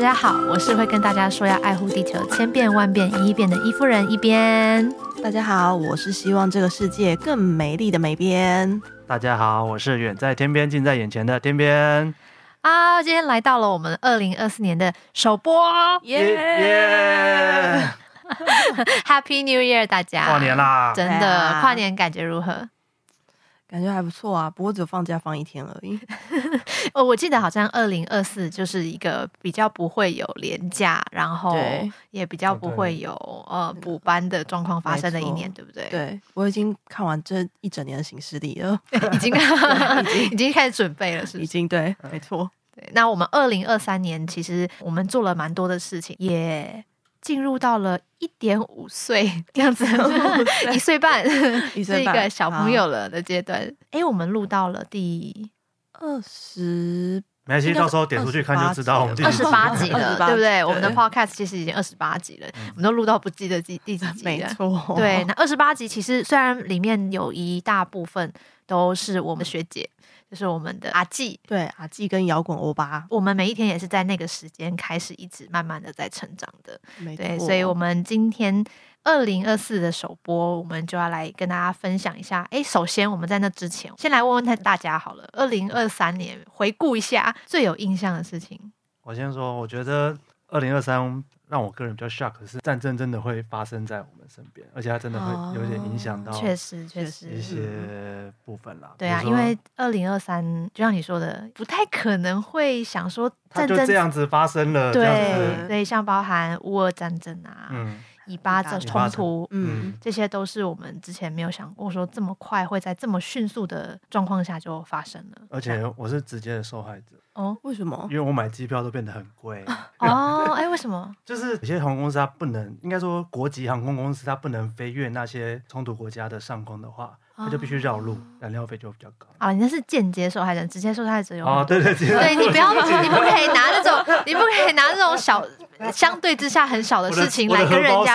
大家好，我是會跟大家說要愛護地球、千變萬變、一變的衣夫人衣邊。大家好，我是希望這個世界更美麗的美邊。大家好，我是遠在天邊、近在眼前的天邊。啊，今天來到了我們二零二四年的首播，耶、yeah! Yeah! ！Happy New Year，大家，跨年啦！真的，跨年感覺如何？Yeah. 感覺還不錯啊，不過只有放假放一天而已。 哦，我記得好像二零二四就是一個比較不會有連假，然後也比較不會有對對對，呃補班的狀況發生的一年，錯對不對？對，我已經看完這一整年的行事曆了，已經 已經開始準備了，是是，是 已經，是是已經對，沒錯、嗯。那我們二零二三年其實我們做了蠻多的事情，也、yeah。進入到了一點五歲這樣子，一歲半，一歲半是一個小朋友了的階段。哎，我們錄到了第二十，沒關係，到時候點出去看就知道。我們二十八集了，對不對？我們的 Podcast 其實已經二十八集了，我們都錄到不記得幾第幾集了。對，那二十八集其實雖然裡面有一大部分都是我們的學姐。就是我們的阿紀，對，阿紀跟搖滾歐巴，我們每一天也是在那個時間開始，一直慢慢的在成長的，錯對，所以，我們今天二零二四的首播，我們就要來跟大家分享一下。哎、欸，首先我們在那之前，先來問問看大家好了，二零二三年回顧一下最有印象的事情。我先說，我覺得二零二三。讓我個人比較 shock 的是戰爭真的會發生在我們身邊，而且它真的會有點影響到，確實確實一些部分啦。對啊，因為二零二三，就像你說的，不太可能會想說戰爭它這樣子發生了。對、嗯、對，像包含烏俄戰爭啊，嗯。以巴的衝突，嗯，這些都是我們之前沒有想過，說這麼快會在這麼迅速的狀況下就發生了。而且我是直接的受害者哦。為什麼？因為我買機票都變得很貴哦，哎、 欸，為什麼？就是有些航空公司它不能，應該說國籍航空公司它不能飛越那些衝突國家的上空的話，他就必須繞路，燃料費就比較高啊！你那是間接受害人，直接受害者有啊！對對對，對你不要，你不可以拿那種，你不可以拿這種小，相對之下很小的事情來跟人家，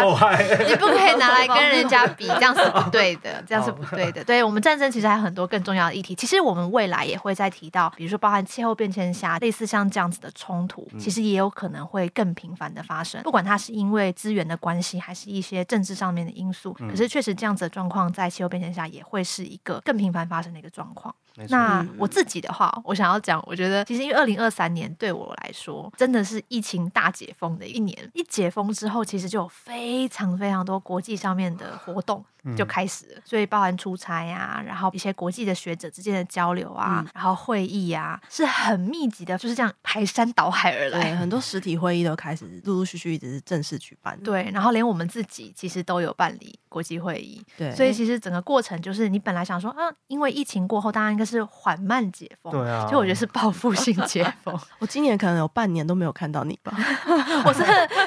你不可以拿來跟人家比，這樣是不對的，這樣是不對的。對，我們戰爭其實還有很多更重要的議題，其實我們未來也會再提到，比如說包含氣候變遷下，類似像這樣子的衝突，其實也有可能會更頻繁的發生，不管它是因為資源的關係，還是一些政治上面的因素。可是確實這樣子的狀況在氣候變遷下也會。會是一個更頻繁發生的一個狀況。沒事。那我自己的話，我想要講，我覺得其實因為二零二三年對我來說真的是疫情大解封的一年。一解封之後，其實就有非常非常多國際上面的活動。就開始了，所以包含出差啊，然後一些國際的學者之間的交流啊，嗯、然後會議啊，是很密集的，就是這樣排山倒海而來。很多實體會議都開始陸陸續續，一直是正式舉辦的。對，然後連我們自己其實都有辦理國際會議。對，所以其實整個過程就是，你本來想說啊、嗯，因為疫情過後，大家應該是緩慢解封。對啊，就我覺得是報復性解封。 我今年可能有半年都沒有看到你吧。 我是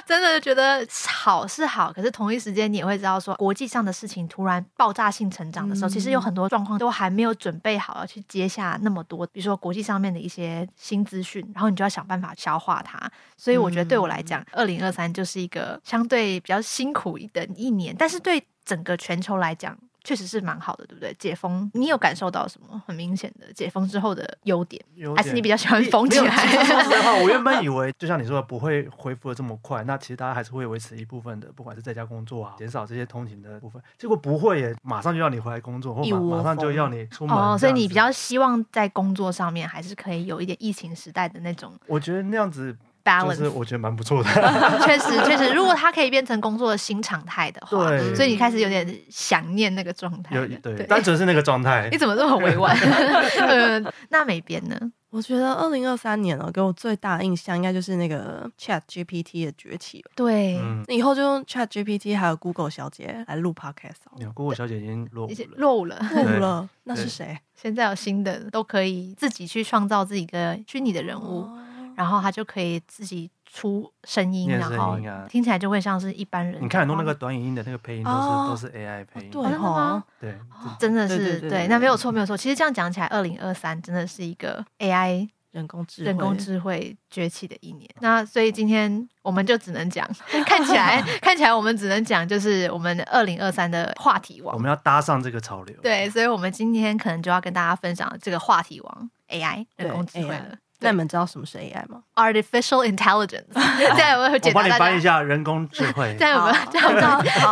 真的覺得好是好，可是同一時間，你也會知道說國際上的事情。突然爆炸性成長的時候，其實有很多狀況都還沒有準備好要去接下那麼多，比如說國際上面的一些新資訊，然後你就要想辦法消化它。所以我覺得對我來講，2023就是一個相對比較辛苦的一年，但是對整個全球來講。確實是蠻好的，對不對？解封，你有感受到什麼很明顯的解封之後的優點？優點。還是你比較喜歡封起來？話， 我原本以為就像你說的不會恢復的這麼快，那其實大家還是會維持一部分的，不管是在家工作啊，減少這些通勤的部分。結果不會耶，馬上就要你回來工作，或馬，無無馬上就要你出門。哦，哦，所以你比較希望在工作上面還是可以有一點疫情時代的那種？我覺得那樣子。但是我覺得蠻不錯的。 確、確實確實，如果它可以變成工作的新常態的話，對所以你開始有點想念那個狀態，有對，對單純是那個狀態。 你怎麼這麼委婉、啊 嗯？那沒變呢？我覺得二零二三年了、喔，給我最大的印象應該就是那個 Chat GPT 的崛起了。對，嗯、以後就用 Chat GPT，還有 Google 小姐來錄 podcast。Google 小姐已經落伍了，落伍了。那是誰？現在有新的，都可以自己去創造自己的虛擬的人物。哦然後他就可以自己出聲音，然後聽起來就會像是一般人。你看，很多那個短語音的那個配音都是都是 AI 配音，真的嗎？對，真的是對，那沒有錯，沒有錯。其實這樣講起來，二零二三真的是一個 AI 人工智人工智慧崛起的一年。那所以今天我們就只能講，看起來看起來我們只能講，就是我們二零二三的話題王，我們要搭上這個潮流。對，所以我們今天可能就要跟大家分享這個話題王 AI 人工智慧了。那你們知道什麼是 AI 嗎？Artificial Intelligence。再、啊、有有我們我幫你翻譯一下，人工智慧。再我們再我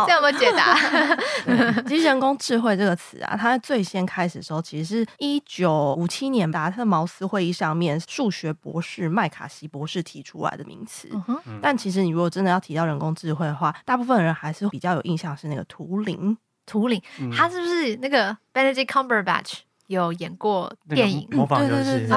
在我們解答。其實“人工智慧”這個詞啊，它最先開始的時候，其實是一九五七年達特茅斯會議上面數學博士麥卡錫博士提出來的名詞。嗯、但其實你如果真的要提到人工智慧的話，大部分人還是比較有印象是那個圖靈。圖靈，嗯、它是不是那個 Benedict Cumberbatch？有演過電影，對對對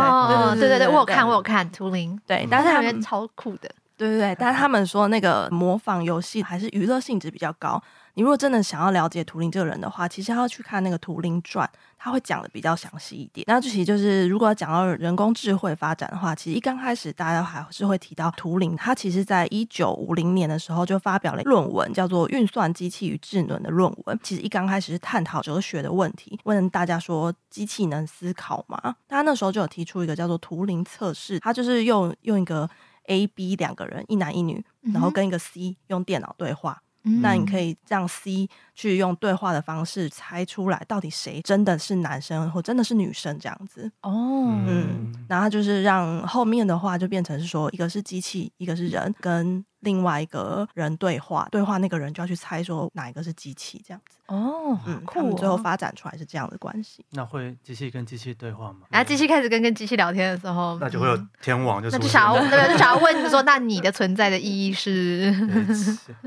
哦，對對對，我有看，對對對我有看圖靈，對，對，對，圖靈對，但是他們超酷的，對對對，但是他們說那個模仿遊戲還是娛樂性質比，、嗯、比較高，你如果真的想要了解圖靈這個人的話，其實要去看那個《圖靈傳》。他會講的比較詳細一點。那具體就是，如果要講到人工智慧發展的話，其實一剛開始大家還是會提到圖靈。他其實在一九五零年的時候就發表了論文，叫做《運算機器與智能》的論文。其實一剛開始是探討哲學的問題，問大家說機器能思考嗎？他那時候就有提出一個叫做圖靈測試，他就是用用一個 A、B 兩個人，一男一女，然後跟一個 C 用電腦對話。嗯，那你可以讓 C 去用對話的方式猜出來，到底誰真的是男生或真的是女生這樣子哦，嗯，然後就是讓後面的話就變成是說，一個是機器，一個是人跟。另外一個人對話，對話那個人就要去猜說哪一個是機器這樣子哦，酷哦嗯，他們最後發展出來是這樣的關係。那會機器跟機器對話嗎？然後機器開始跟跟機器聊天的時候，嗯、那就會有天網就，就、嗯、那就想要，對就想要問你說， 那你的存在的意義是？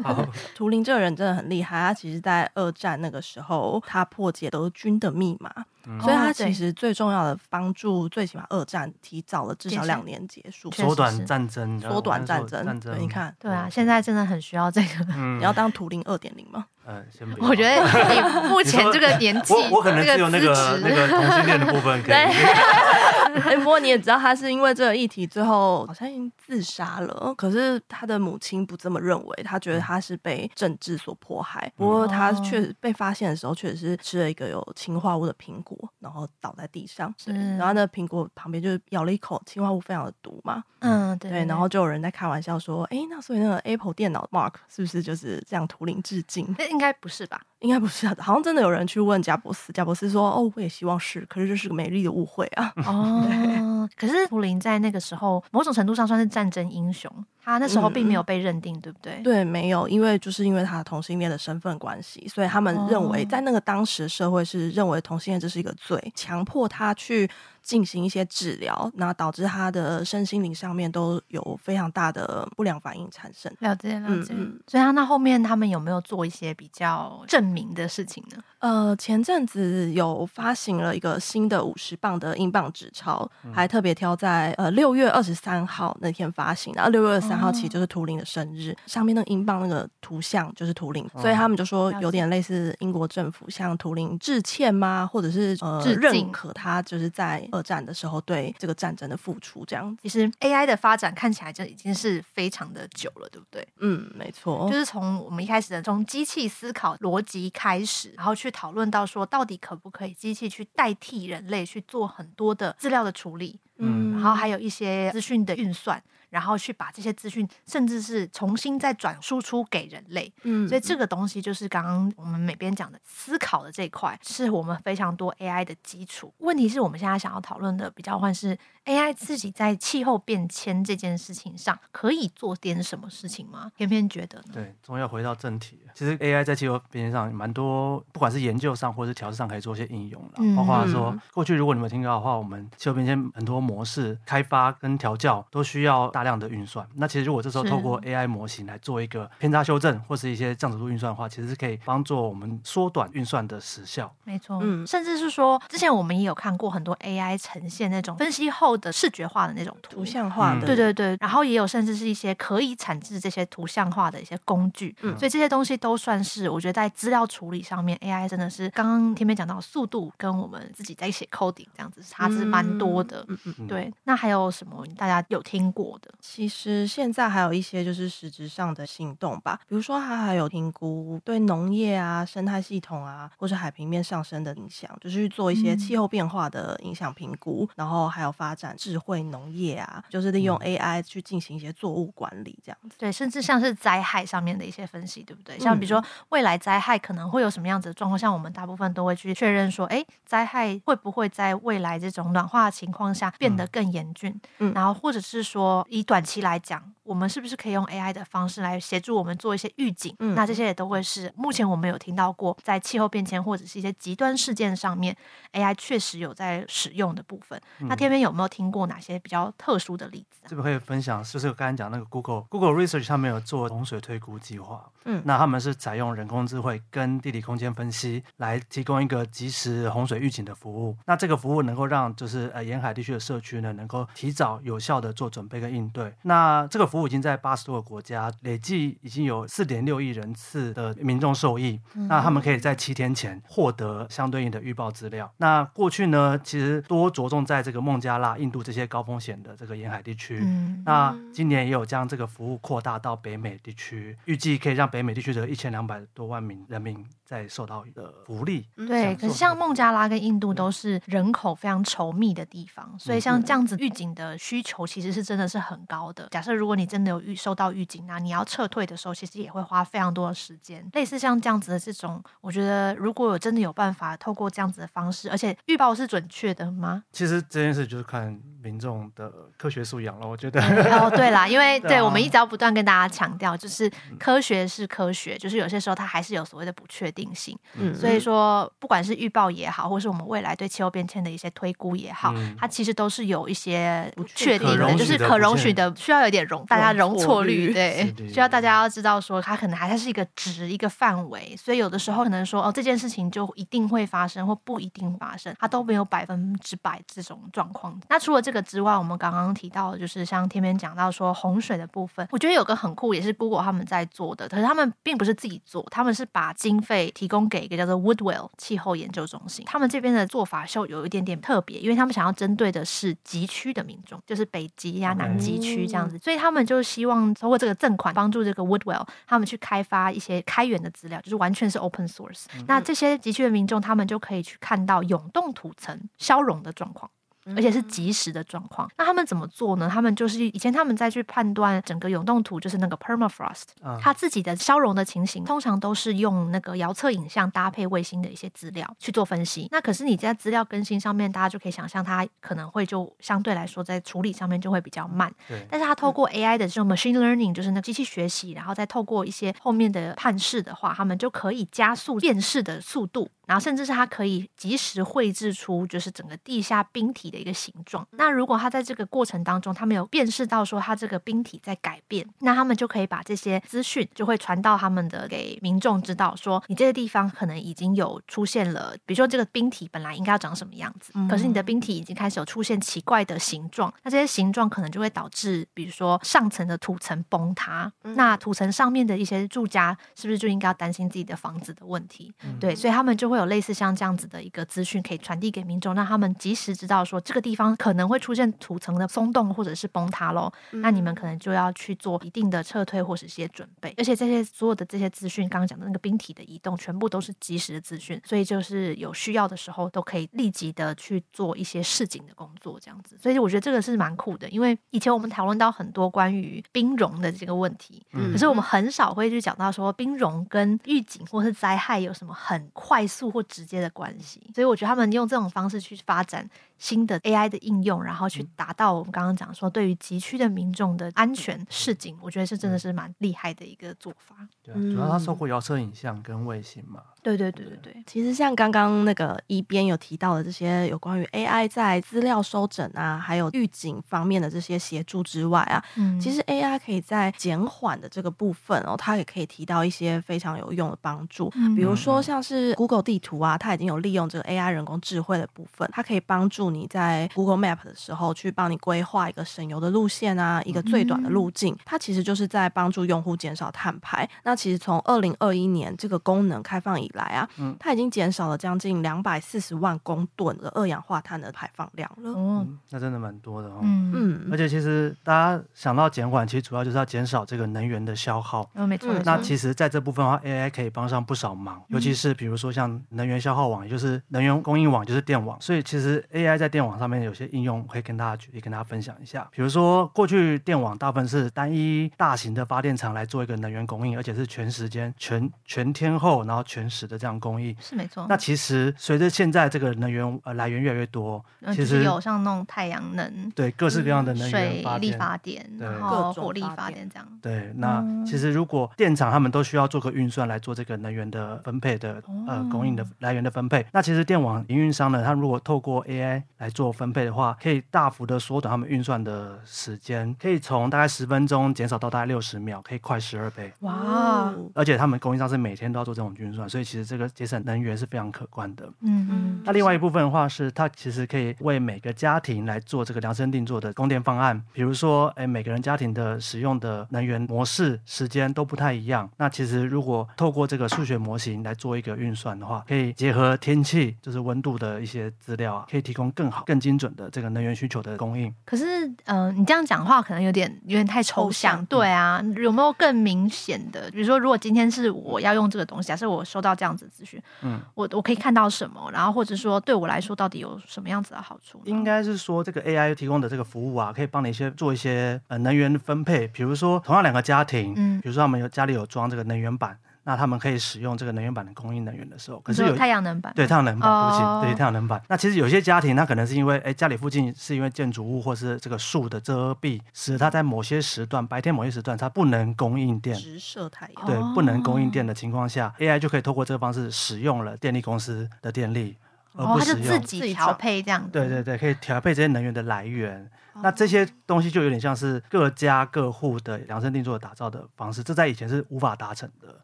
好，圖靈這個人真的很厲害，他其實在二戰那個時候，他破解德軍的密碼。嗯、所以它其實最重要的幫助，哦啊、最起碼二戰提早了至少兩年結束，縮短戰爭，縮短戰爭。你看，對啊，嗯、現在真的很需要這個。嗯、你要當圖靈二點零嗎？嗯，先不。我覺得你目前這個年紀，這個有那個那個同性戀的部分可以對。哎、 欸，不過你也知道，他是因為這個議題最後，好像已經自殺了。可是他的母親不這麼認為，他覺得他是被政治所迫害。不過他確實被發現的時候，確實是吃了一個有氰化物的蘋果，然後倒在地上。然後那蘋果旁邊就是咬了一口氰化物，非常的毒嘛。嗯，對，對，對，對，對。然後就有人在開玩笑說：“哎、欸，那所以那個 Apple 電腦的 Mark 是不是就是這樣圖靈致敬？”應該不是吧。應該不是，好像真的有人去問賈伯斯，賈伯斯說：“哦，我也希望是，可是這是個美麗的誤會啊。”哦，對可是圖靈在那個時候某種程度上算是戰爭英雄，他那時候並沒有被認定，嗯、對不對？對，沒有，因為就是因為他同性戀的身份關係，所以他們認為、哦、在那個當時社會是認為同性戀這是一個罪，強迫他去進行一些治療，那導致他的身心靈上面都有非常大的不良反應產生。了解，了解。嗯、所以啊，那後面他們有沒有做一些比較正面明的事情呢？呃，前陣子有發行了一個新的五十磅的英鎊紙鈔，嗯、還特別挑在呃六月二十三號那天發行。然後六月二十三號其實就是圖靈的生日，哦、上面那個英鎊那個圖像就是圖靈，嗯、所以他們就說有點類似英國政府向圖靈致歉嗎？或者是呃致敬，認可他就是在二戰的時候對這個戰爭的付出這樣子。嗯、其實 AI 的發展看起來就已經是非常的久了，對不對？嗯，沒錯，就是從我們一開始的從機器思考邏輯。一開始，然後去討論到說，到底可不可以機器去代替人類去做很多的資料的處理，嗯，然後還有一些資訊的運算。然後去把這些資訊，甚至是重新再轉輸出給人類。嗯，所以這個東西就是剛剛我們每邊講的思考的這一塊，是我們非常多 AI 的基礎。問題是我們現在想要討論的比較換是 AI 自己在氣候變遷這件事情上可以做點什麼事情嗎？偏偏覺得呢？對，終於要回到正題。其實 AI 在氣候變遷上蠻多，不管是研究上或者是調試上，可以做一些應用了。包括、嗯、說，過去如果你們聽到的話，我們氣候變遷很多模式開發跟調教都需要大量的運算，那其實如果這時候透過 AI 模型來做一個偏差修正或是一些降尺度運算的話，其實是可以幫助我們縮短運算的時效。沒錯，嗯，甚至是說之前我們也有看過很多 AI 呈現那種分析後的視覺化的那種圖，圖像化的，嗯、對對對。然後也有甚至是一些可以產制這些圖像化的一些工具，嗯，所以這些東西都算是我覺得在資料處理上面，AI 真的是剛剛天邊講到速度跟我們自己在寫 coding 這樣子差之蠻多的，嗯嗯，對。那還有什麼大家有聽過的？其實現在還有一些就是實質上的行動吧，比如說還還有評估對農業啊、生態系統啊，或是海平面上升的影響，就是去做一些氣候變化的影響評估，嗯、然後還有發展智慧農業啊，就是利用 AI 去進行一些作物管理這樣子。對，甚至像是災害上面的一些分析，對不對？像比如說未來災害可能會有什麼樣子的狀況，像我們大部分都會去確認說，哎，災害會不會在未來這種暖化的情況下變得更嚴峻？嗯，嗯然後或者是說一。短期來講，我們是不是可以用 AI 的方式來協助我們做一些預警？嗯、那這些也都會是目前我們有聽到過，在氣候變遷或者是一些極端事件上面，AI 確實有在使用的部分。嗯、那天邊有沒有聽過哪些比較特殊的例子啊？這邊可以分享，就是我剛才講那個 Google，Google Research 上面有做洪水推估計劃。嗯，那他們是採用人工智慧跟地理空間分析來提供一個即時洪水預警的服務。那這個服務能夠讓就是呃沿海地區的社區呢，能夠提早有效地做準備跟應。對，那這個服務已經在八十多個國家累計已經有四點六億人次的民眾受益。嗯、哼那他們可以在七天前獲得相對應的預報資料。那過去呢，其實多着重在這個孟加拉、印度這些高風險的這個沿海地區。嗯、哼那今年也有將這個服務擴大到北美地區，預計可以讓北美地區的一千兩百多萬名人民再受到的福利。對、嗯哼，可是像孟加拉跟印度都是人口非常稠密的地方，對所以像這樣子預警的需求其實是真的是很很高的假設，如果你真的有預收到預警，啊，那你要撤退的時候，其實也會花非常多的時間。類似像這樣子的這種，我覺得如果有真的有辦法透過這樣子的方式，而且預報是準確的嗎？其實這件事就是看民眾的科學素養了。我覺得、嗯、哦，對啦，因為對、啊、對我們一直要不斷跟大家強調，就是科學是科學，就是有些時候它還是有所謂的不確定性。嗯，所以說不管是預報也好，或是我們未來對氣候變遷的一些推估也好，嗯、它其實都是有一些不確定的，的就是可容的。的需要有點容，大家容錯率對，的需要大家要知道說，它可能還它是一個值一個範圍，所以有的時候可能說哦，這件事情就一定會發生或不一定發生，它都沒有百分之百這種狀況。那除了這個之外，我們剛剛提到的就是像天邊講到說洪水的部分，我覺得有個很酷也是 Google 他們在做的，可是他們並不是自己做，他們是把經費提供給一個叫做 Woodwell 氣候研究中心。他們這邊的做法秀有一點點特別，因為他們想要針對的是極區的民眾，就是北極呀、啊、南極。嗯區 這樣子，所以他們就希望通過這個贈款幫助這個 Woodwell 他們去開發一些開源的資料，就是完全是 open source。嗯、哼那這些地區的民眾他們就可以去看到永凍土層消融的狀況。而且是即時的狀況。那他們怎麼做呢？他們就是以前他們在去判斷整個永凍土，就是那個 permafrost，它、嗯、自己的消融的情形，通常都是用那個遙測影像搭配衛星的一些資料去做分析。那可是你在資料更新上面，大家就可以想象它可能會就相對來說在處理上面就會比較慢。對但是它透過 AI 的這種 machine learning，就是那機器學習，然後再透過一些後面的判釋的話，他們就可以加速辨識的速度。然後，甚至是它可以及時繪製出就是整個地下冰體的一個形狀。那如果它在這個過程當中，他沒有辨識到說它這個冰體在改變，那他們就可以把這些資訊就會傳到他們的給民眾知道說，說你這個地方可能已經有出現了，比如說這個冰體本來應該要長什麼樣子，可是你的冰體已經開始有出現奇怪的形狀，那這些形狀可能就會導致，比如說上層的土層崩塌，那土層上面的一些住家是不是就應該要擔心自己的房子的問題？對，所以他們就。會有類似像這樣子的一個資訊可以傳遞給民眾，讓他們及時知道說這個地方可能會出現土層的鬆動或者是崩塌嘍。嗯、那你們可能就要去做一定的撤退或者是一些準備。而且這些所有的這些資訊，剛剛講的那個冰體的移動，全部都是及時的資訊，所以就是有需要的時候都可以立即的去做一些示警的工作，這樣子。所以我覺得這個是蠻酷的，因為以前我們討論到很多關於冰融的這個問題，嗯、可是我們很少會去講到說冰融跟預警或是災害有什麼很快速或直接的關係，所以我覺得他們用這種方式去發展新的 AI 的應用，然後去達到我們剛剛講說，對於急區的民眾的安全預警，嗯、我覺得是真的是蠻厲害的一個做法。對，嗯、主要他透過遙測影像跟衛星嘛。對，對對對對對。對其實像剛剛那個一邊有提到的這些有關於 AI 在資料收整啊，還有預警方面的這些協助之外啊，嗯、其實 AI 可以在減緩的這個部分哦，它也可以提到一些非常有用的幫助。嗯、比如說像是 Google 地圖啊，它已經有利用這個 AI 人工智慧的部分，它可以幫助。助你在 Google Map 的時候去幫你規劃一個省油的路線啊，一個最短的路徑，嗯、它其實就是在幫助用戶減少碳排。那其實從二零二一年這個功能開放以來啊，嗯、它已經減少了將近兩百四十萬公噸的二氧化碳的排放量了。哦、嗯，那真的蠻多的哦。嗯，而且其實大家想到減緩，其實主要就是要減少這個能源的消耗。哦、沒錯。沒錯，那其實在這部分的話，AI 可以幫上不少忙，嗯、尤其是比如說像能源消耗網，也就是能源供應網，就是電網。所以其實 AI 在電網上面有些應用可以跟大家舉例，跟大家分享一下，比如說過去電網大部分是單一大型的發電廠來做一個能源供應，而且是全時間、全全天候，然後全時的這樣供應，是沒錯。那其實隨着現在這個能源、呃、來源越來越多，其實只有像弄太陽能，對各式各樣的能源，水力發電，嗯、發電、對、然後各火力發電這樣。對，那其實如果電廠他們都需要做個運算來做這個能源的分配的呃供應的來源的分配，哦、那其實電網營運商呢，他如果透過 AI 來做分配的話，可以大幅的縮短他們運算的時間，可以從大概十分鐘減少到大概六十秒，可以快十二倍。哇！而且他們供應商是每天都要做這種運算，所以其實這個節省能源是非常可觀的。嗯嗯。就是、那另外一部分的話是，它其實可以為每個家庭來做這個量身定做的供電方案。比如說，誒，每個人家庭的使用的能源模式、時間都不太一樣。那其實如果透過這個數學模型來做一個運算的話，可以結合天氣，就是溫度的一些資料啊，可以提供。更好、更精準的這個能源需求的供應。可是，嗯、呃，你這樣講話可能有點、有點太抽象。抽象，對啊，有沒有更明顯的？比如說，如果今天是我要用這個東西，還是我收到這樣子資訊，嗯，我我可以看到什麼？然後或者說，對我來說到底有什麼樣子的好處？應該是說，這個 AI 提供的這個服務啊，可以幫你先做一些呃能源分配。比如說，同樣兩個家庭，嗯，比如說他們有家裡有裝這個能源板。那他們可以使用這個能源板的供應能源的時候，可是有太陽能板，對太陽能板附近對太陽能板。那其實有些家庭，他可能是因為哎、欸、家裡附近是因為建築物或是這個樹的遮蔽，使它在某些時段白天某些時段它不能供應電，直射太陽，對不能供應電的情況下，AI 就可以透過這個方式使用了電力公司的電力，而不是自己調配這樣，對對對，可以調配這些能源的來源。那這些東西就有點像是各家各戶的量身定做打造的方式，這在以前是無法達成的。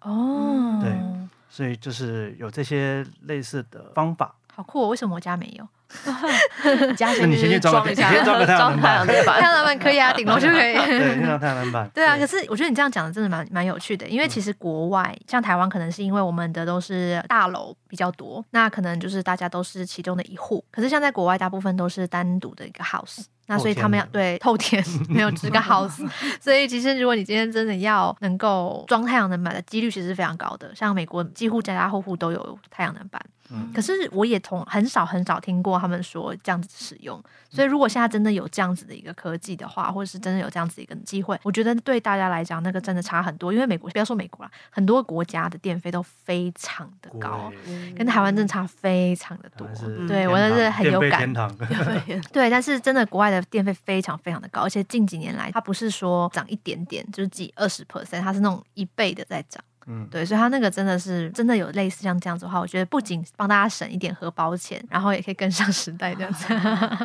哦，對，所以就是有這些類似的方法。好酷哦！為什麼我家沒有？你先去裝個，裝一下，裝太陽能板，太陽能板可以啊，頂樓就可以。對，太陽能板。對啊，可是我覺得你這樣講的真的蠻蠻有趣的，因為其實國外像台灣，可能是因為我們的都是大樓比較多，那可能就是大家都是其中的一戶。可是像在國外，大部分都是單獨的一個 house。那所以他們要對透天，沒有這個 house， 所以其實如果你今天真的要能夠裝太陽能板的幾率其實是非常高的，像美國幾乎在家家戶戶都有太陽能板。嗯，可是我也從很少很少聽過他們說這樣子使用，所以如果現在真的有這樣子的一個科技的話，或者是真的有這樣子一個機會，我覺得對大家來講那個真的差很多，因為美國不要說美國啦，很多國家的電費都非常的高，嗯、跟台灣真的差非常的多。嗯、對，堂我真的是很有感。電費天堂 對，但是真的國外的電費非常非常的高，而且近幾年來它不是說漲一點點，就是幾二十 percent，它是那種一倍的在漲。嗯，對，所以他那個真的是真的有類似像這樣子的話，我覺得不僅幫大家省一點荷包錢，然後也可以跟上時代這樣子。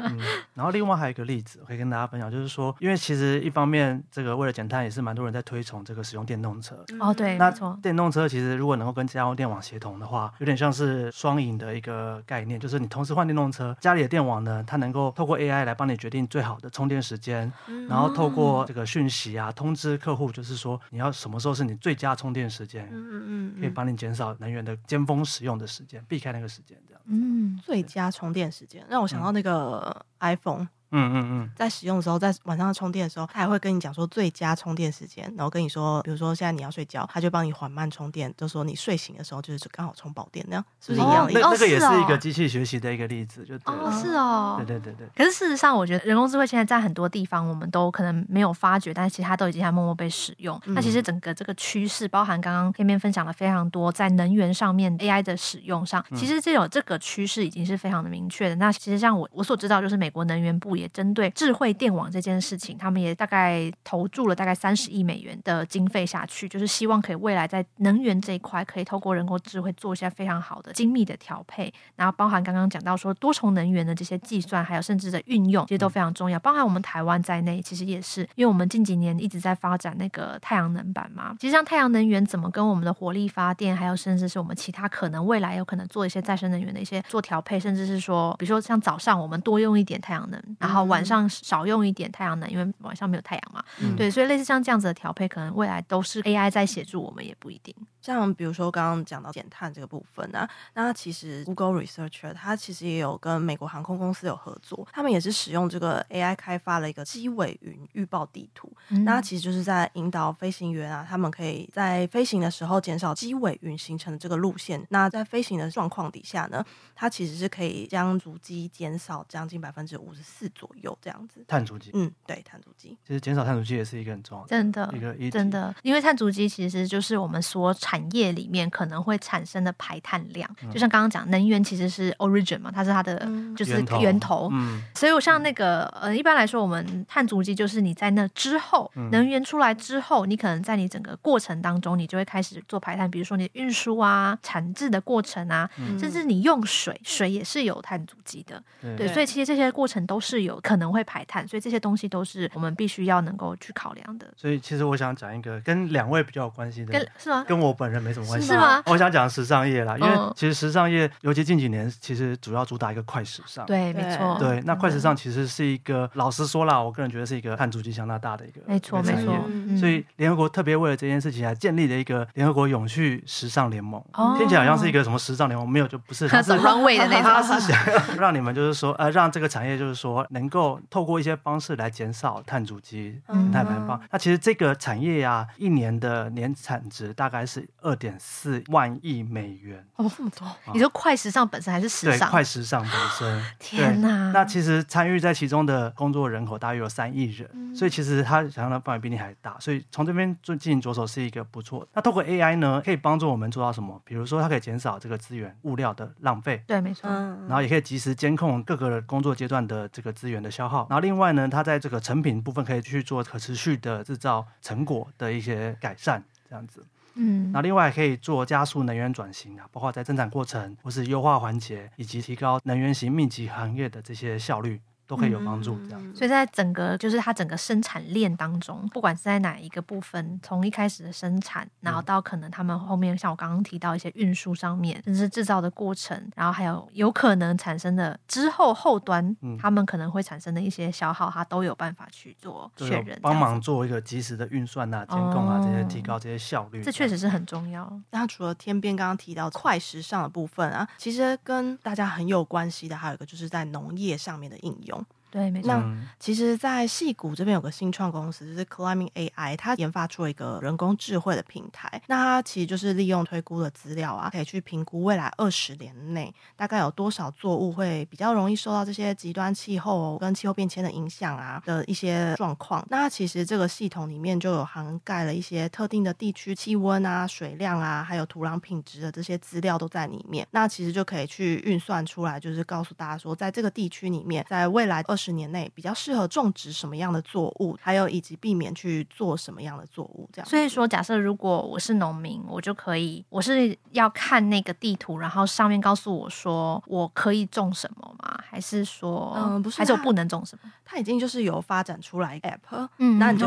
嗯，然後另外還有一個例子我可以跟大家分享，就是說，因為其實一方面這個為了減碳，也是蠻多人在推崇這個使用電動車。哦，對，那沒錯。電動車其實如果能夠跟家用電網協同的話，有點像是雙贏的一個概念，就是你同時換電動車，家裡的電網呢，它能夠透過 AI 來幫你決定最好的充電時間，然後透過這個訊息啊，通知客戶，就是說你要什麼時候是你最佳充電時間。嗯嗯嗯，可以幫你減少能源的尖峰使用的時間，避開那個時間，這樣。嗯，對 最佳充電時間讓我想到那個 iPhone。嗯嗯嗯嗯，在使用的時候，在晚上充電的時候，他還會跟你講說最佳充電時間，然後跟你說，比如說現在你要睡覺，他就幫你緩慢充電，就說你睡醒的時候就是剛好充飽電，那樣是不是一樣的？哦、那那個也是一個機器學習的一個例子，就哦，是哦，對，對對對對。可是事實上，我覺得人工智慧現在在很多地方，我們都可能沒有發覺，但是其他都已經在默默被使用。那、嗯、其實整個這個趨勢，包含剛剛天邊分享了非常多在能源上面 AI 的使用上，其實這種、個、這個趨勢已經是非常的明確的。那其實像我我所知道，就是美國能源部也也針對智慧電網這件事情，他們也大概投注了大概三十億美元的經費下去，就是希望可以未來在能源這一塊可以透過人工智慧做一些非常好的精密的調配，然後包含剛剛講到說多重能源的這些計算，還有甚至的運用，其實都非常重要。包含我們台灣在內，其實也是因為我們近幾年一直在發展那個太陽能板嘛。其實像太陽能源怎麼跟我們的火力發電，還有甚至是我們其他可能未來有可能做一些再生能源的一些做調配，甚至是說比如說像早上我們多用一點太陽能。然後晚上少用一點太陽能，因為晚上沒有太陽嘛。嗯、對，所以類似像這樣子的調配，可能未來都是 AI 在協助、嗯、我們，也不一定。像比如說剛剛講到減碳這個部分啊，那其實 Google Researcher 他其實也有跟美國航空公司有合作，他們也是使用這個 AI 開發了一個機尾雲預報地圖，嗯、那其實就是在引導飛行員啊，他們可以在飛行的時候減少機尾雲形成的這個路線。那在飛行的狀況底下呢，它其實是可以將足跡減少將近百分之五十四左右這樣子。碳足跡，嗯，對，碳足跡，其實減少碳足跡也是一個很重要的，真的一個一真的，因為碳足跡其實就是我們所產。產業裡面可能會產生的排碳量，就像剛剛講，能源其實是 origin 嘛，它是它的就是源頭。源頭嗯、所以我像那個呃，一般來說，我們碳足跡就是你在那之後，能源出來之後，你可能在你整個過程當中，你就會開始做排碳，比如說你的運輸啊、產制的過程啊，嗯、甚至你用水，水也是有碳足跡的。對，對，所以其實這些過程都是有可能會排碳，所以這些東西都是我們必須要能夠去考量的。所以其實我想講一個跟兩位比較有關係的，跟是嗎？跟我本本人沒什麼關係，是嗎？我想講時尚業啦，因為其實時尚業，尤其近幾年，其實主要主打一個快時尚。對，沒錯。對，那快時尚其實是一個，老實說啦，我個人覺得是一個碳足跡相當大的一個，沒錯，沒錯。所以聯合國特別為了這件事情，還建立了一個聯合國永續時尚聯盟。聽起來好像是一個什麼時尚聯盟，沒有就不是。它是軟尾的那種，它是想要讓你們就是說，呃，讓這個產業就是說能夠透過一些方式來減少碳足跡、碳排放。那其實這個產業呀，一年的年產值大概是。二點四萬億美元，哦，這麼多！你說快時尚本身還是時尚？嗯、快時尚本身，哦、天哪！那其實參與在其中的工作人口大約有三億人，嗯、所以其實它想象的範圍比你還大。所以從這邊進行着手是一個不錯。那透過 AI 呢，可以幫助我們做到什麼？比如說，它可以減少這個資源物料的浪費，對，沒錯。嗯、然後也可以及時監控各個工作階段的這個資源的消耗。然後另外呢，它在這個成品部分可以去做可持續的製造成果的一些改善，這樣子。嗯，那另外可以做加速能源轉型啊，包括在增長過程或是優化環節，以及提高能源型密集行業的這些效率。都可以有幫助，嗯、這樣子。所以在整個就是它整個生產鏈當中，不管是在哪一個部分，從一開始的生產，然後到可能他們後面像我剛剛提到一些運輸上面，甚至製造的過程，然後還有有可能產生的之後後端，嗯、他們可能會產生的一些消耗，它都有辦法去做確認，幫忙做一個即時的運算啊、監控啊這些，嗯、提高這些效率這，嗯。這確實是很重要。那除了天邊剛剛提到快時尚的部分啊，其實跟大家很有關係的，還有一個就是在農業上面的應用。對，沒錯。其實，在矽谷這邊有個新創公司，就是 Climbing AI，它研發出了一個人工智慧的平臺。那它其實就是利用推估的資料啊，可以去評估未來二十年內大概有多少作物會比較容易受到這些極端氣候跟氣候變遷的影響啊的一些狀況。那其實這個系統裡面就有涵蓋了一些特定的地區氣溫啊、水量啊，還有土壤品質的這些資料都在裡面。那其實就可以去運算出來，就是告訴大家說，在這個地區裡面，在未來二十。十年內比較適合種植什麼樣的作物，還有以及避免去做什麼樣的作物，這樣。所以說，假設如果我是農民，我就可以，我是要看那個地圖，然後上面告訴我說我可以種什麼嗎？還是說，嗯，不是，還是我不能種什麼？它已經就是有發展出來 app，嗯，那你就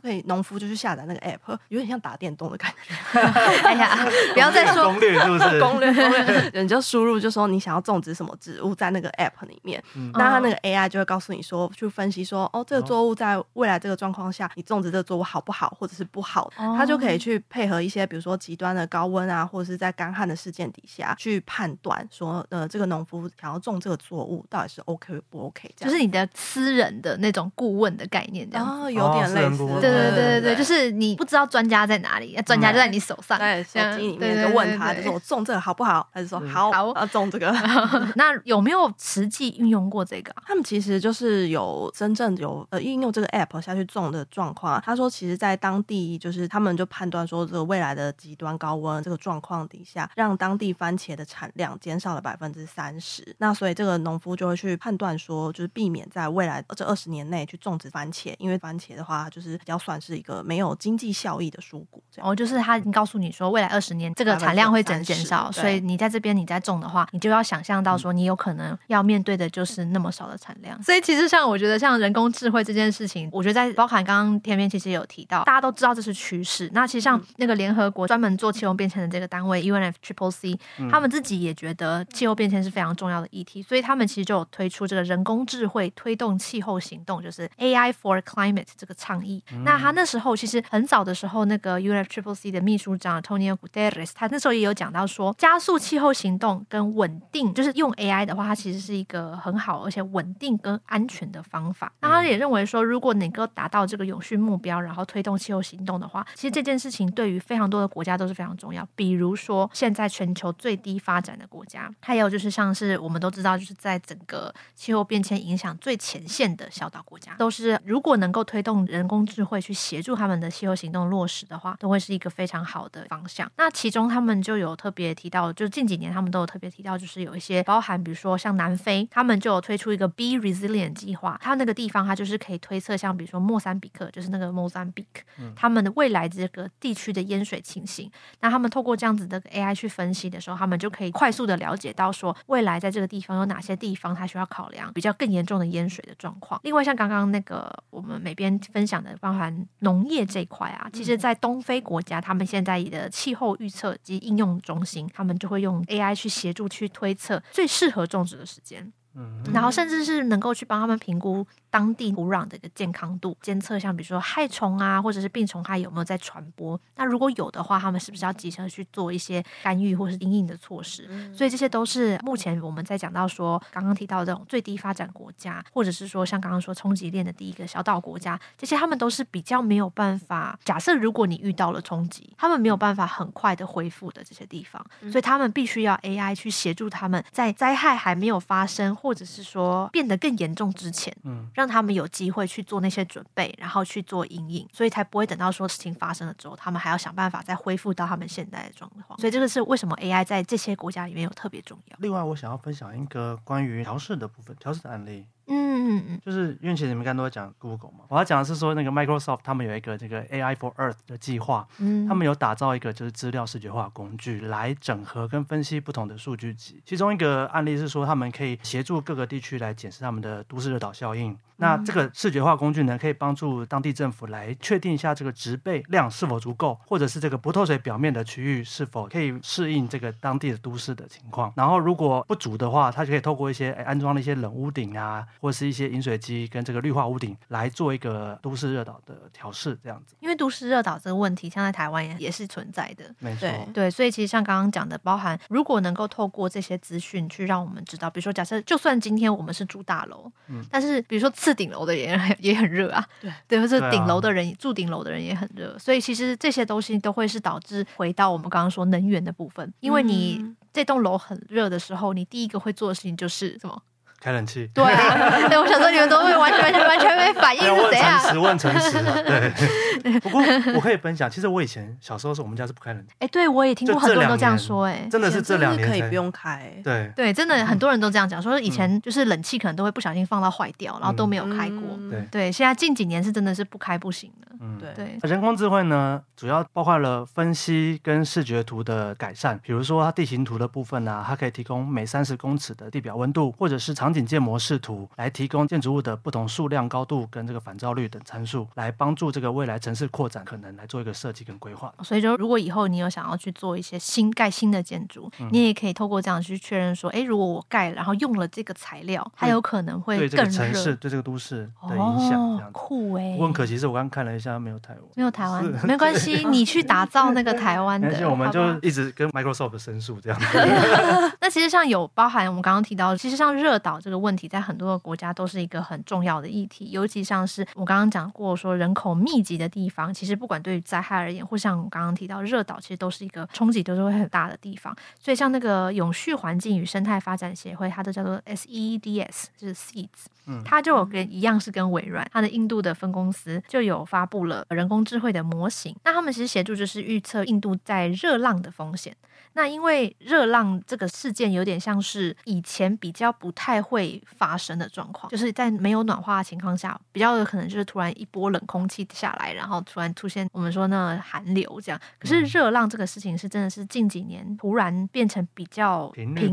可以，農、哦、夫就去下載那個 app，有點像打電動的感覺。 哎呀， 不要再說攻略攻略 攻略，人家輸入就說你想要種植什麼植物在那個 app 裡面，嗯、那它那個 AI 就會告。告訴你說，去分析說，哦，這個作物在未來這個狀況下，你種植這個作物好不好，或者是不好，哦、他就可以去配合一些，比如說極端的高溫啊，或者是在乾旱的事件底下，去判斷說，呃，這個農夫想要種這個作物到底是 OK 不 OK？這樣就是你的私人的那種顧問的概念，這樣、哦、有點類似，對、哦、對對對對，對對對對，就是你不知道專家在哪裡，專家就在你手上，在相機裡面就問他，就說我種這個好不好？他就說好，對我要種這個。好 那有沒有實際運用過這個？他們其實。就是有真正有呃應用這個 app 下去種的狀況，他說，其實，在當地就是他們就判斷說，這個未來的極端高溫這個狀況底下，讓當地番茄的產量減少了百分之三十。那所以這個農夫就會去判斷說，就是避免在未來這二十年內去種植番茄，因為番茄的話就是比較算是一個沒有經濟效益的蔬果。哦，就是他告訴你說，未來二十年這個產量會減減少，30, 對所以你在這邊你在種的話，你就要想象到說，你有可能要面對的就是那麼少的產量。所以其實像我覺得像人工智慧這件事情，我覺得在包含剛剛天邊其實有提到，大家都知道這是趨勢。那其實像那個聯合國專門做氣候變遷的這個單位 UNF Triple C，他們自己也覺得氣候變遷是非常重要的議題，所以他們其實就有推出這個人工智慧推動氣候行動，就是 AI for Climate 這個倡議。那他那時候其實很早的時候，那個 UNF Triple C 的秘書長 Antonio Guterres 他那時候也有講到說，加速氣候行動跟穩定，就是用 AI 的話，它其實是一個很好而且穩定跟。安全的方法。那他也認為說，如果能夠達到這個永續目標，然後推動氣候行動的話，其實這件事情對於非常多的國家都是非常重要。比如說，現在全球最低發展的國家，還有就是像是我們都知道，就是在整個氣候變遷影響最前線的小島國家，都是如果能夠推動人工智慧去協助他們的氣候行動落實的話，都會是一個非常好的方向。那其中他們就有特別提到，就近幾年他們都有特別提到，就是有一些包含，比如說像南非，他們就有推出一個 Be Resil 臉計劃，它那個地方，它就是可以推測，像比如說莫桑比克，就是那個 Mozambique，他們的未來這個地區的淹水情形。那他們透過這樣子的 AI 去分析的時候，他們就可以快速的了解到說，未來在這個地方有哪些地方它需要考量比較更嚴重的淹水的狀況。另外，像剛剛那個我們每邊分享的，包含農業這一塊啊，其實，在東非國家，他們現在的氣候預測及應用中心，他們就會用 AI 去協助去推測最適合種植的時間。 然後，甚至是能夠去幫他們評估。當地土壤的一個健康度監測，像比如說害蟲啊，或者是病蟲害有沒有在傳播？那如果有的話，他們是不是要及時去做一些干預或是因應的措施？嗯、所以這些都是目前我們在講到說剛剛提到的這種最低發展國家，或者是說像剛剛說衝擊鏈的第一個小島國家，這些他們都是比較沒有辦法，假設如果你遇到了衝擊，他們沒有辦法很快的恢復的這些地方，所以他們必須要 AI 去協助他們在災害還沒有發生，或者是說變得更嚴重之前，嗯、讓。他們有機會去做那些準備，然後去做因應，所以才不會等到說事情發生了之後，他們還要想辦法再恢復到他們現在的狀況。所以這個是為什麼 AI 在這些國家裡面有特別重要。另外，我想要分享一個關於調適的部分，調適的案例。嗯嗯嗯， 就是因為前面你們剛剛都在講 Google 嘛，我要講的是說那個 Microsoft 他們有一個這個 AI for Earth 的計劃，嗯，他們有打造一個就是資料視覺化工具來整合跟分析不同的數據集。其中一個案例是說他們可以協助各個地區來檢視他們的都市熱島效應。嗯、那這個視覺化工具呢，可以幫助當地政府來確定一下這個植被量是否足夠，或者是這個不透水表面的區域是否可以適應這個當地的都市的情況。然後如果不足的話，它就可以透過一些、哎、安裝的一些冷屋頂啊，或是一些飲水機跟這個綠化屋頂來做一個都市熱島的調試，這樣子。因為都市熱島這個問題，像在台灣也也是存在的，沒錯。對，所以其實像剛剛講的，包含如果能夠透過這些資訊去讓我們知道，比如說假設就算今天我們是住大樓，嗯、但是比如說次頂樓的人也很熱啊，對，對，或者頂樓的人住頂樓的人也很熱，所以其實這些東西都會是導致回到我們剛剛說能源的部分，因為你這棟樓很熱的時候，你第一個會做的事情就是什麼？開冷氣，對啊，對，我想說你們都會完全完全 完全沒反應，是怎樣。啊？十問誠實，對。不過我可以分享，其實我以前小時候是，我們家是不開冷氣。哎、欸，對我也聽過很多人都這樣說、欸，哎，真的是這兩年可以不用開、欸。對對，真的很多人都這樣講，說以前就是冷氣可能都會不小心放到壞掉，然後都沒有開過。嗯、對對，現在近幾年是真的是不開不行了。嗯，對，人工智慧呢，主要包括了分析跟視覺圖的改善，比如說它地形圖的部分啊，它可以提供每三十公尺的地表溫度，或者是場景建模視圖，來提供建築物的不同數量、高度跟這個反照率等參數，來幫助這個未來城市擴展可能來做一個設計跟規劃。哦、所以，說如果以後你有想要去做一些新蓋新的建築，嗯、你也可以透過這樣去確認說，哎，如果我蓋，然後用了這個材料，它有可能會更、嗯、對這個城市、對這個都市的影響。這、哦、酷誒、欸、不過可惜是我剛，剛看了一下。家沒有台灣，沒有台灣，沒關係。你去打造那個台灣的，而且我們就一直跟 Microsoft 申訴這樣 那其實像有包含我們剛剛提到，其實像熱島這個問題，在很多的國家都是一個很重要的議題。尤其像是我們剛剛講過，說人口密集的地方，其實不管對於災害而言，或像我們剛剛提到熱島，其實都是一個衝擊都是會很大的地方。所以像那個永續環境與生態發展協會，它都叫做 SEDS，就是 Seeds，、嗯、它就有跟一樣是跟微軟它的印度的分公司就有發布。了人工智慧的模型，那他們其實協助就是預測印度在熱浪的風險。那因為熱浪這個事件有點像是以前比較不太會發生的狀況，就是在沒有暖化的情況下，比較有可能就是突然一波冷空氣下來，然後突然出現我們說那寒流這樣。可是熱浪這個事情是真的是近幾年突然變成比較平，對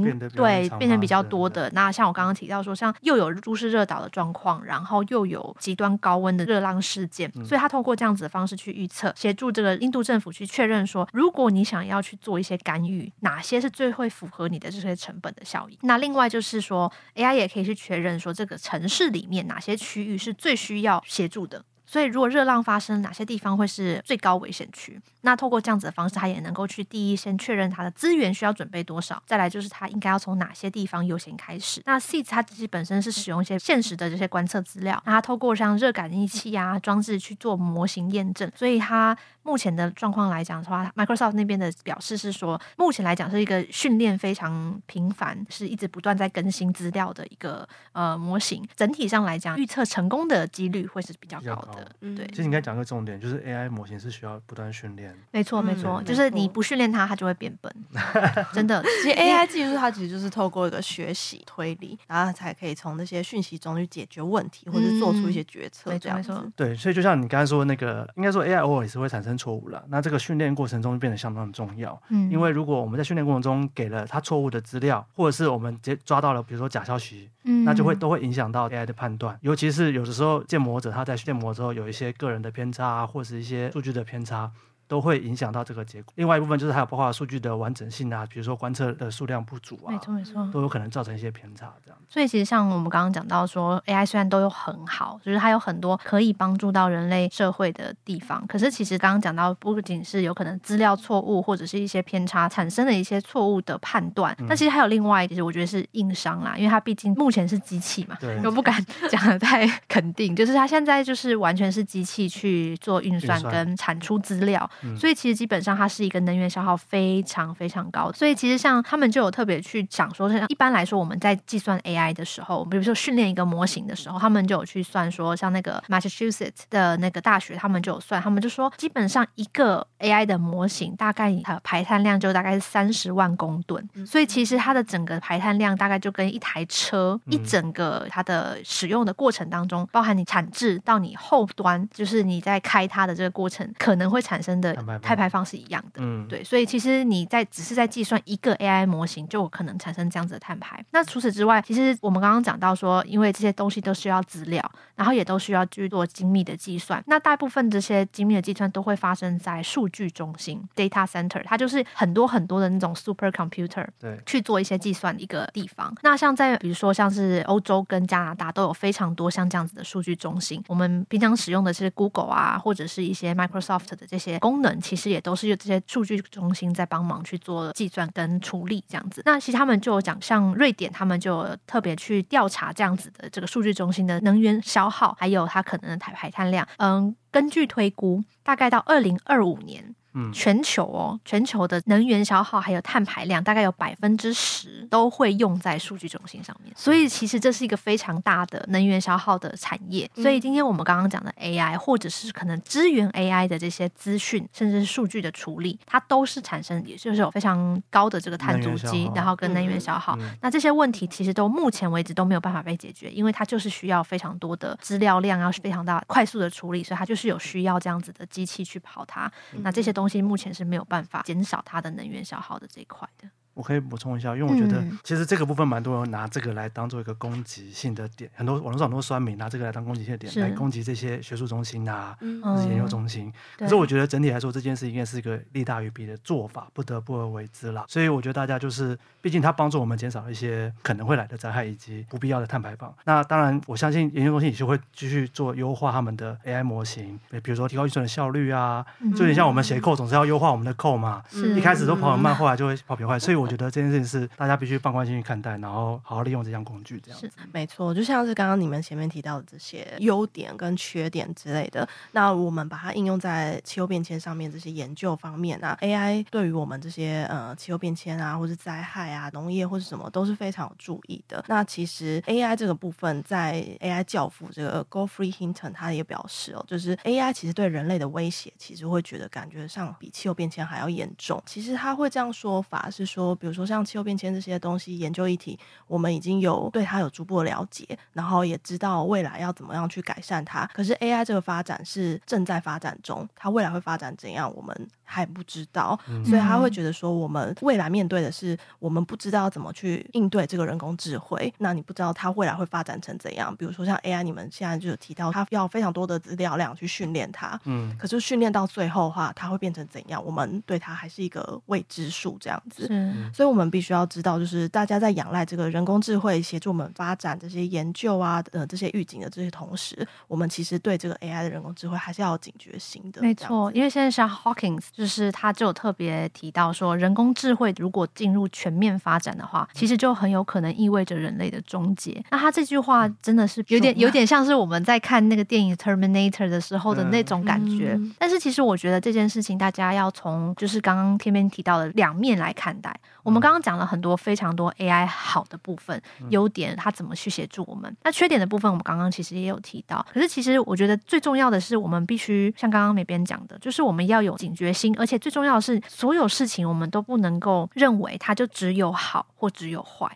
變成比較多的。那像我剛剛提到說，像又有都市熱島的狀況，然後又有極端高溫的熱浪事件，所以他通過這樣子的方式去預測，協助這個印度政府去確認說，如果你想要去做一些干預。哪些是最會符合你的這些成本的效益？那另外就是說，AI 也可以去確認說這個城市裡面哪些區域是最需要協助的。所以如果熱浪發生，哪些地方會是最高危險區？那透過這樣子的方式，它也能夠去第一先確認它的資源需要準備多少，再來就是它應該要從哪些地方優先開始。那 SEEDS 它自己本身是使用一些現實的這些觀測資料，那它透過像熱感應器啊裝置去做模型驗證，所以它。目前的狀況來講的話，Microsoft 那邊的表示是說，目前來講是一個訓練非常頻繁，是一直不斷在更新資料的一個呃模型。整體上來講，預測成功的幾率會是比較高的。好對。其實你應該講一個重點，就是 AI 模型是需要不斷訓練。沒錯錯，嗯、沒錯，沒錯就是你不訓練它，它就會變笨。 真的，其實 AI 技術它其實就是透過一個學習推理，然後才可以從那些訊息中去解決問題，嗯、或者做出一些決策這樣子。對，所以就像你剛才說那個，應該說 AI 偶爾也是會產生錯誤了，那這個訓練過程中就變得相當的重要。嗯，因為如果我們在訓練過程中給了他錯誤的資料，或者是我們直接抓到了比如說假消息，嗯，那就會都會影響到 AI 的判斷。尤其是有的時候建模者他在建模的時候有一些個人的偏差，或者是一些數據的偏差。都會影響到這個結果。另外一部分就是還有包括數據的完整性啊，比如說觀測的數量不足啊，沒錯沒錯，沒錯都有可能造成一些偏差這樣。所以其實像我們剛剛講到說，AI 雖然都有很好，就是它有很多可以幫助到人類社會的地方。可是其實剛剛講到，不僅是有可能資料錯誤或者是一些偏差產生了一些錯誤的判斷，那、嗯、其實還有另外一個，其實我覺得是硬傷啦，因為它畢竟目前是機器嘛，對，我不敢講得太肯定， 就是它現在就是完全是機器去做運算跟產出資料。所以其實基本上它是一個能源消耗非常非常高的。所以其實像他們就有特別去講說，像一般來說我們在計算 AI 的時候，比如說訓練一個模型的時候，他們就有去算說，像那個 Massachusetts 的那個大學，他們就有算，他們就說基本上一個 AI 的模型大概排碳量就大概是三十萬公噸。所以其實它的整個排碳量大概就跟一台車一整個它的使用的過程當中，包含你產制到你後端，就是你在開它的這個過程可能會產生的碳排放是一樣的，嗯，對，所以其實你在只是在計算一個 AI 模型，就有可能產生這樣子的碳排。那除此之外，其實我們剛剛講到說，因為這些東西都需要資料，然後也都需要去做精密的計算。那大部分這些精密的計算都會發生在數據中心 （data center），它就是很多很多的那種 super computer，去做一些計算的一個地方。對那像在比如說像是歐洲跟加拿大都有非常多像這樣子的數據中心。我們平常使用的是 Google 啊，或者是一些 Microsoft 的這些公功能其實也都是由這些數據中心在幫忙去做計算跟處理這樣子。那其實他們就有講，像瑞典他們就特別去調查這樣子的這個數據中心的能源消耗，還有它可能的排排碳量。嗯，根據推估，大概到二零二五年。全球哦，全球的能源消耗還有碳排量，大概有百分之十都會用在數據中心上面。的所以其實這是一個非常大的能源消耗的產業。嗯、所以今天我們剛剛講的 AI，或者是可能支援 AI 的這些資訊，甚至是數據的處理，它都是產生，也就是有非常高的這個碳足跡，然後跟能源消耗。嗯、那這些問題其實都目前為止都沒有辦法被解決，因為它就是需要非常多的資料量，要是非常大快速的處理，所以它就是有需要這樣子的機器去跑它。嗯、那這些都。東西目前是沒有辦法減少它的能源消耗的這一塊的。我可以補充一下，因為我覺得其實這個部分蠻多人拿這個來當做一個攻擊性的點，很多網絡上都酸民拿這個來當攻擊性的點是來攻擊這些學術中心啊，就是、嗯、研究中心。嗯、可是我覺得整體來說，這件事應該是一個利大於弊的做法，不得不而為之啦。所以我覺得大家就是，畢竟它幫助我們減少一些可能會來的災害以及不必要的碳排放。那當然，我相信研究中心也是會繼續做優化他們的 AI 模型，比如說提高運算的效率啊，就有點像我們寫 code 總是要優化我們的 code 嘛，嗯、一開始都跑很慢，是後來就會跑比較快。所以。我覺得這件事情是大家必須放寬心去看待，然後好好利用這項工具，這樣子是沒錯。就像是剛剛你們前面提到的這些優點跟缺點之類的，那我們把它應用在氣候變遷上面這些研究方面啊，AI 對於我們這些呃氣候變遷啊，或是災害啊、農業或是什麼都是非常有注意的。那其實 AI 這個部分，在 AI 教父這個 Geoffrey Hinton 他也表示哦，就是 AI 其實對人類的威脅，其實會覺得感覺上比氣候變遷還要嚴重。其實他會這樣說法是說。比如說像氣候變遷這些東西研究議題，我們已經有對它有逐步的了解，然後也知道未來要怎麼樣去改善它。可是 AI 這個發展是正在發展中，它未來會發展怎樣，我們還不知道。嗯、所以他會覺得說，我們未來面對的是我們不知道怎麼去應對這個人工智慧。那你不知道它未來會發展成怎樣？比如說像 AI，你們現在就有提到它要非常多的資料量去訓練它。嗯、可是訓練到最後的話，它會變成怎樣？我們對它還是一個未知數，這樣子。所以我們必須要知道，就是大家在仰賴這個人工智慧協助我們發展這些研究啊，呃，這些預警的這些同時，我們其實對這個 A I 的人工智慧還是要有警覺性的。沒錯，因為現在像 Hawking，就是他就有特別提到說，人工智慧如果進入全面發展的話，其實就很有可能意味着人類的終結。那他這句話真的是有點嗎有點像是我們在看那個電影 Terminator 的時候的那種感覺。嗯嗯、但是其實我覺得這件事情，大家要從就是剛剛天邊提到的兩面來看待。我們剛剛講了很多非常多 AI 好的部分、優點，它怎麼去協助我們？嗯、那缺點的部分，我們剛剛其實也有提到。可是，其實我覺得最重要的是，我們必須像剛剛那邊講的，就是我們要有警覺心，而且最重要的是，所有事情我們都不能夠認為它就只有好或只有壞。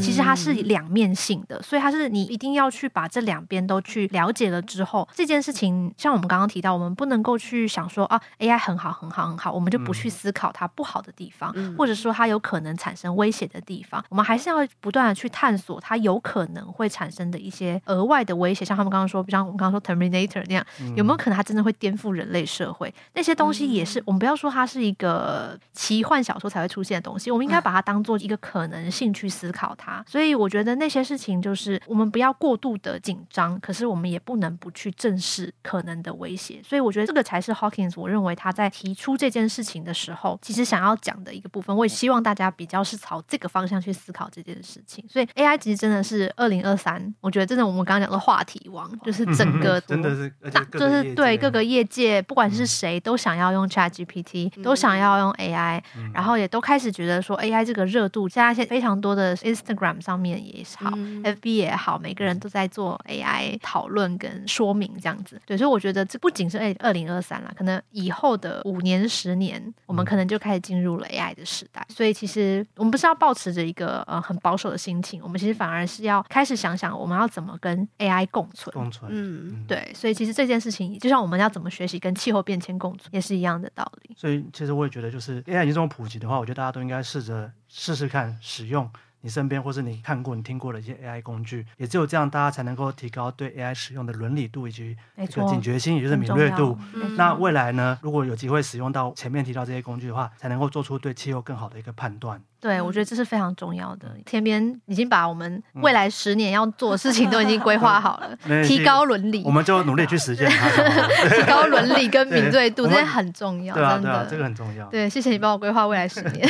其實它是兩面性的，所以它是你一定要去把這兩邊都去了解了之後，這件事情像我們剛剛提到，我們不能夠去想說啊，AI 很好很好很好，我們就不去思考它不好的地方，嗯、或者說它有可能產生威脅的地方，我們還是要不斷的去探索它有可能會產生的一些額外的威脅。像他們剛剛說，像我們剛剛說 Terminator 那樣，有沒有可能它真的會顛覆人類社會？那些東西也是我們不要說它是一個奇幻小說才會出現的東西，我們應該把它當做一個可能性去思考。他，所以我覺得那些事情就是我們不要過度的緊張，可是我們也不能不去正視可能的威脅。所以我覺得這個才是 Hawking，我認為他在提出這件事情的時候，其實想要講的一個部分，我也希望大家比較是朝這個方向去思考這件事情。所以 AI 其實真的是二零二三，我覺得真的我們剛剛講的話題王，就是整個、嗯、真的是大，就是對各個業界，不管是誰、嗯、都想要用 ChatGPT，都想要用 AI，嗯，然後也都開始覺得說 AI 這個熱度加一些非常多的。Instagram 上面也好，嗯，FB 也好，每個人都在做 AI 討論跟說明這樣子。對，所以我覺得這不僅是2023了，可能以後的五年、十年，我們可能就開始進入了 AI 的時代。嗯，所以其實我們不是要抱持著一個呃很保守的心情，我們其實反而是要開始想想我們要怎麼跟 AI 共存。共存，嗯，嗯對。所以其實這件事情，就像我們要怎麼學習跟氣候變遷共存，也是一樣的道理。所以其實我也覺得，就是 AI 已經這麼普及的話，我覺得大家都應該試着試試看使用，你身邊，或是你看過、你聽過的一些 AI 工具，也只有這樣，大家才能夠提高對 AI 使用的倫理度以及警覺性，沒錯，也就是敏銳度。嗯、那未來呢，如果有機會使用到前面提到這些工具的話，才能夠做出對氣候更好的一個判斷。對，我覺得這是非常重要的。天邊已經把我們未來十年要做的事情都已經規劃好了，提高倫理，我們就努力去實現。提高倫理跟敏銳度，這很重要。真的，這個很重要。對，謝謝你幫我規劃未來十年。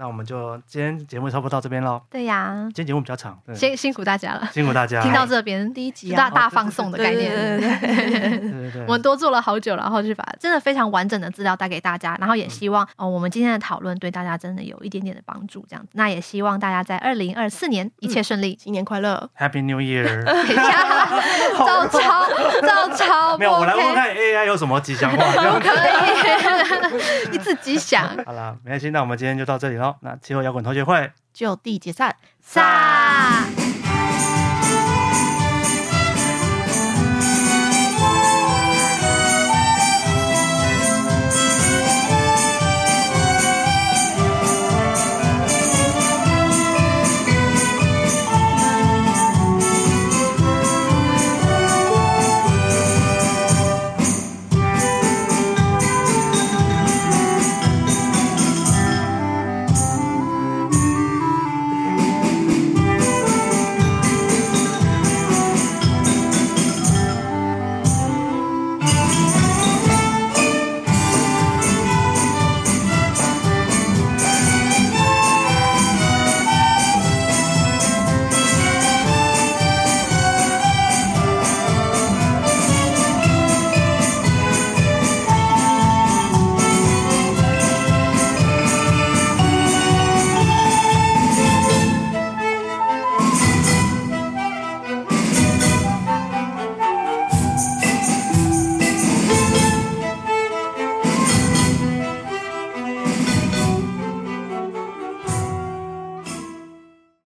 那我們就今天節目差不多到這邊嘍。對呀，今天節目比較長，辛辛苦大家了，辛苦大家。聽到這邊第一集大大放送的概念，我們多做了好久，然後去把真的非常完整的資料帶給大家，然後也希望哦我們。今天的討論對大家真的有一點點的幫助，這樣子，那也希望大家在二零二四年一切順利，嗯、新年快樂，Happy New Year。早一早照抄，照抄，okay。沒有，我來問看 AI 有什麼吉祥話，不可以，你自己想。好啦，沒關係，那我們今天就到這裡嘍。那氣候搖滾同學會就地解散，散。